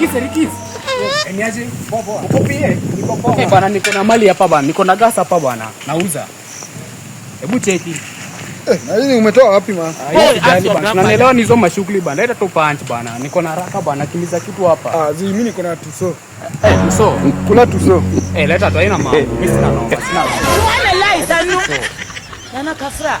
Eh, bana, niko na mali hapa bana, niko na gas hapa bana, nauza. Hebu cheki. Eh, na hii umetoa wapi ma? Ah, Naelewa ni mashughuli bana. Leta tu punch bana. Niko na haraka bana, kimiza kitu hapa. Ah, zi mimi niko na tuso. Eh, tuso. Kuna tuso. Eh, leta tu haina mambo. Mimi sina noma, sina. Wewe analia sana. Nana kafra.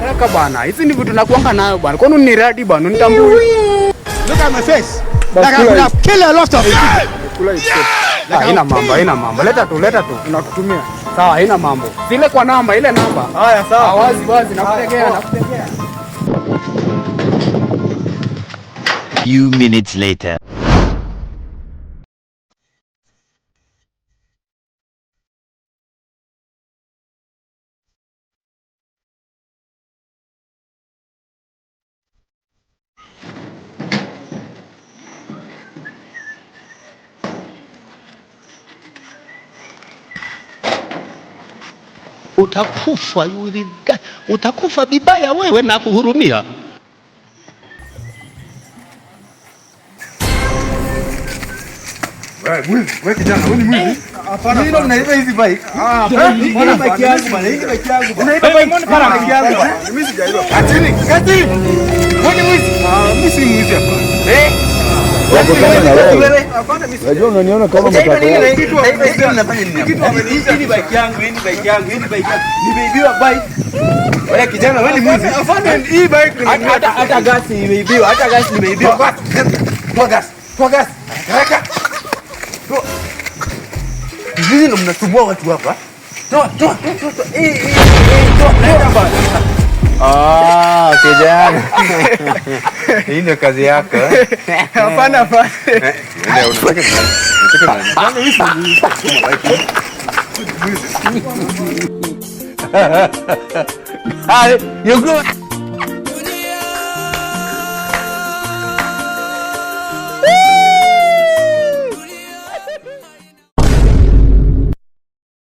haraka bwana, hizi ni vitu nakuanga nayo bwana, kwani ni radi bwana, nitambue. Look at my face. Kill a lot of haina mambo, haina mambo. Leta tu, leta tu. Unakutumia. Sawa, haina mambo. Zile kwa namba, ile namba. Haya, sawa. Wazi wazi, nakutegea, nakutegea. Few minutes later. utakufa yuriga, utakufa vibaya wewe na kuhurumia. Mimi wako kama na wewe. Unajua unaniona kama mtaka. Hii bike yangu, hii bike yangu, hii bike yangu. Nimeibiwa bike. Wewe kijana wewe ni mwizi. Afande hii bike hata hata gasi imeibiwa, hata gasi imeibiwa. Kwa gasi. Kwa gasi. Haraka. Hizi ndo mnasumbua watu hapa. Toa, toa, toa, toa. Eh, eh, toa. Oh, ah, kijana. Hii ndio kazi yako. Eh? Hapana, hapana. good.